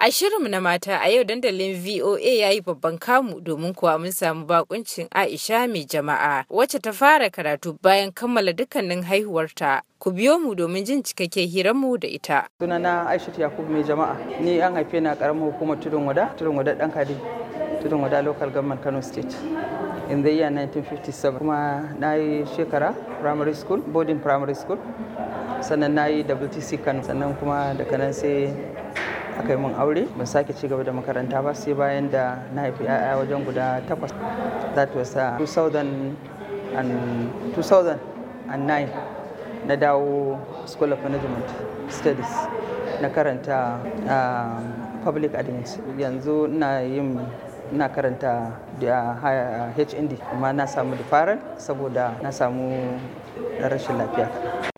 A shirinmu na mata a yau dandalin VOA ya yi babban kamu domin kuwa mun samu bakuncin Aisha mai jama'a wacce ta fara karatu bayan kammala dukkanin haihuwarta. Ku biyo mu domin jin cikakken hiranmu da ita. Sunana Aisha Yakubu mai jama'a ni an haife na karamar hukumar Tudun Wada, Tudun Wada dan Kadi, Tudun Wada Local Government Kano State. In the year 1957 kuma na yi shekara primary school, boarding primary school, sannan na yi WTC Kano, sannan kuma daga nan sai aka yi min aure ban sake ci gaba da makaranta ba sai bayan da na haifi 'ya'ya wajen guda takwas that was uh, a 2009 na dawo school of management studies na karanta um, public admins yanzu na yin na karanta da uh, hnd amma na samu da saboda na samu rashin lafiya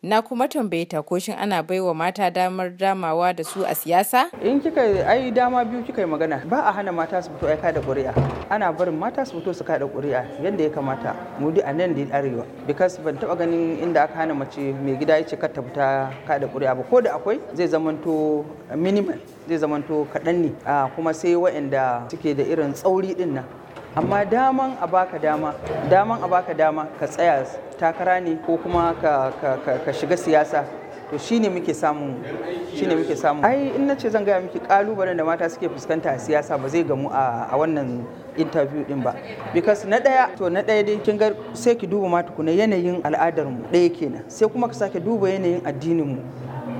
Na kuma tambaye ta ko shin ana baiwa mata damar damawa da su a siyasa? In kika ai dama biyu kika yi magana ba a hana mata su fito aika da ƙuri'a. Ana barin mata su fito su kada ƙuri'a yadda ya kamata mu a nan da arewa. Because ban taba ganin inda aka hana mace mai gida yace kar ta fita kada ƙuri'a ba ko da akwai zai zamanto minimal zai zamanto kaɗan ne ah, kuma sai waɗanda suke da irin tsauri ɗinnan. amma daman a baka dama daman a baka dama ka tsaya takara ne ko kuma ka, shiga siyasa to shine muke samu shine muke samu ai in nace zan gaya miki kalubalen da mata suke fuskanta a siyasa ba zai gamu a, a wannan interview din ba because na daya to na daya dai kin ga sai ki duba ma kuna yanayin al'adar mu daya kenan sai kuma ka sake duba yanayin addinin mu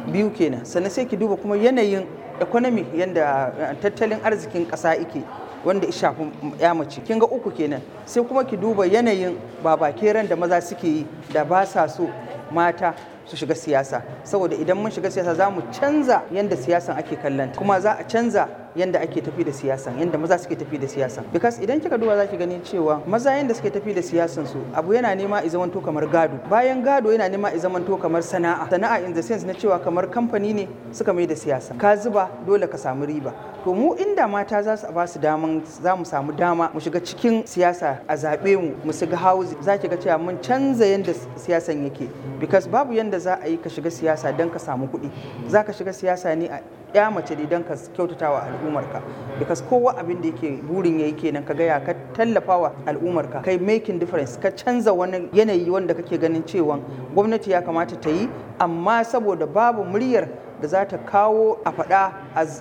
biyu kenan sannan sai ki duba kuma yanayin economy yanda eh, tattalin arzikin kasa ike wanda ya shafi ya mace kin ga uku kenan sai kuma ki duba yanayin baba keran da maza suke yi da ba sa so mata su shiga siyasa saboda idan mun shiga siyasa za mu canza yadda siyasan ake kallon kuma za a canza yanda ake tafi da siyasan yanda maza suke tafi da siyasan because idan kika duba zaki gani cewa maza yanda suke tafi da siyasan su abu yana nema i zamanto kamar gado bayan gado yana nema i zamanto kamar sana'a sana'a in the sense na cewa kamar kamfani ne suka mai da siyasa ka zuba dole ka samu riba to mu inda mata za su ba su daman za mu samu dama mu shiga cikin siyasa a zaɓe mu mu shiga hauzi za ki ga cewa mun canza yadda siyasan yake because babu yadda za a yi ka shiga siyasa don ka samu kuɗi za ka shiga siyasa ne a ya mace ne don ka kyautatawa al'umma al'umarka because kowa abin da yake burin yayi kenan ka gaya ka tallafawa ka kai making difference ka canza wani yanayi wanda kake ganin cewa gwamnati ya kamata ta yi amma saboda babu muryar da za ta kawo a faɗa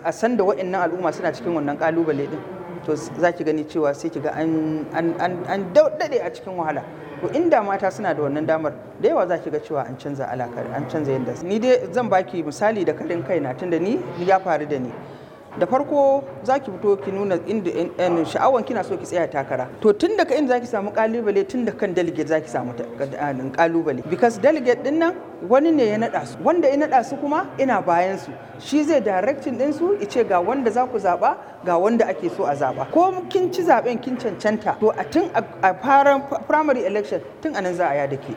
a san da waɗannan al'umma suna cikin wannan kalubale din to za ki gani cewa sai ki ga an daɗe a cikin wahala to inda mata suna da wannan damar da yawa za ki ga cewa an canza alakar an canza yadda ni dai zan baki misali da karin kaina tunda ni ya faru da ni da farko za ki fito ki nuna inda sha'awan kina so ki tsaya takara to tun daga inda zaki samu kalubale tun da kan delegate zaki samu kalubale ah, because delegate din nan wani ne ya nada su wanda ya nada su kuma ina bayan su shi zai directing din su ice ga wanda za ku zaba ga wanda ake so a zaba ko kin ci zaben kin cancanta to a tun a primary election tun anan za a ya dake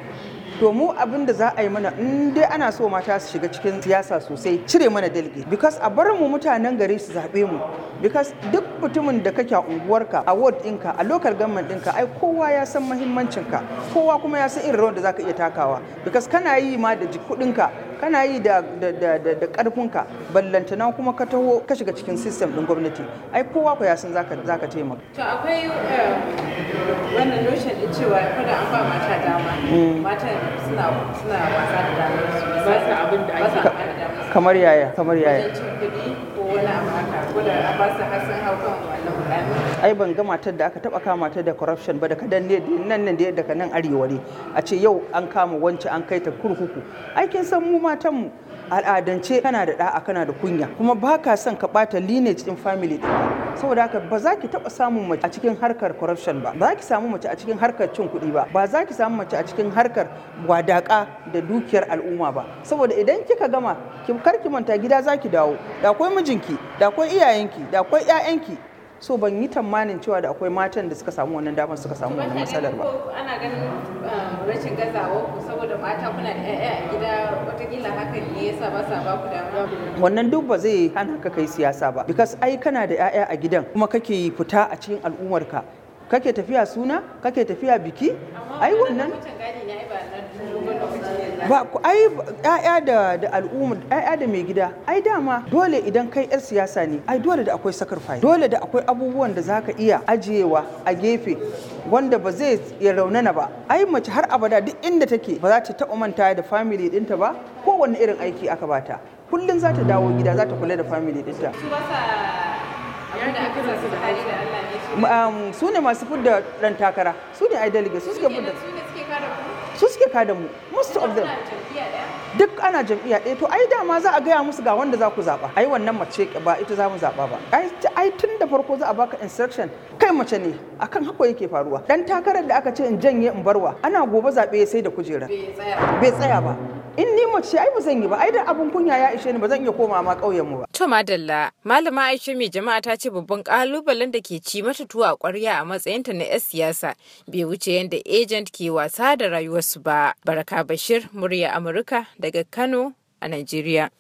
to mu abin da za a yi mana in dai ana so mata su shiga cikin siyasa sosai cire mana dalge because a bar mu mutanen gari su zaɓe mu because duk mutumin da kake a unguwarka a ward ɗinka a local government ɗinka ai kowa ya san muhimmancinka kowa kuma ya san irin rawar da zaka iya takawa because kana yi ma da kuɗinka kana yi da da karfinka ballantana kuma ka taho ka shiga cikin system din gwamnati ai kowa ku ya san zaka zaka taimaka to akwai eh, wannan notion din cewa kada an ba mata dama mm. mata suna suna wasa da dama ba sa abin da ake kamar yaya kamar yaya ai ban ga matar da aka taba kama ta da corruption ba daga nan nan nan da daga nan arewa ne a ce yau an kama wance an kai ta kurkuku aikin san mu matan mu al'adance kana da da'a kana da kunya kuma baka son ka bata lineage din family saboda haka ba za ki taɓa samun mace a cikin harkar corruption ba ba za ki samu mace a cikin harkar cin kuɗi ba ba za ki samu mace a cikin harkar wadaƙa da dukiyar al'umma ba saboda idan kika gama kar ki manta gida za ki dawo da akwai mijinki da akwai iyayenki da akwai 'ya'yanki so ban yi tamanin cewa da akwai matan da suka samu wannan damar suka samu wannan matsalar ba ana ganin um, rashin gazawa ku saboda mata kuna da ƴaƴa a gida gila hakan ne yasa ba sa ba ku dama wannan duk ba zai hana ka kai siyasa ba because ai kana da ƴaƴa a gidan kuma kake fita a cikin al'ummarka kake tafiya suna kake tafiya biki ai wannan ba ai ƴaƴa da da al'umma ƴaƴa da mai gida ai dama dole idan kai yar siyasa ne ai dole da akwai sacrifice dole da akwai abubuwan da zaka iya ajiyewa a gefe wanda ba zai ya raunana ba ai mace har abada duk inda take ba za ta taɓa manta da family ɗinta ba kowanne irin aiki aka bata kullum za ta dawo gida za ta kula da family ɗinta su ne masu fudda ɗan takara su ne ideal su suke fudda su suke kada mu most of them duk ana jam'iyya ɗaya to ai dama za a gaya musu ga wanda za ku zaɓa ai wannan mace ba ita za mu zaɓa ba ai tun da farko za a baka instruction kai mace ne akan hako yake faruwa Ɗan takarar da aka ce in janye in barwa ana gobe zaɓe sai da kujera bai tsaya ba in ni mace ai ba zan yi ba ai da abun kunya ya ishe ni ba zan iya koma ma kauyen mu ba to madalla malama Aisha mai jama'a ta ce babban kalubalen da ke ci mata tuwa kwarya a matsayinta na 'yar siyasa bai wuce yadda agent ke wasa da rayuwarsu ba baraka bashir murya amurka daga kano a nigeria.